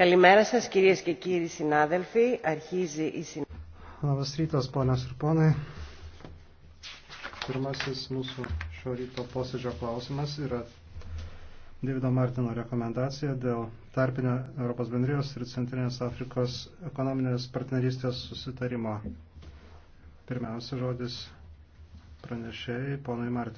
Καλημέρα σας κυρίες και κύριοι συνάδελφοι. Αρχίζει η συνάδελφη. Labas rytas, ponios ir ponai. Pirmasis mūsų šio ryto posėdžio klausimas yra Davido Martino rekomendacija dėl tarpinio Europos bendrijos ir Centrinės Afrikos ekonominės partnerystės susitarimo. Pirmiausia žodis pranešėjai, ponui Martinui.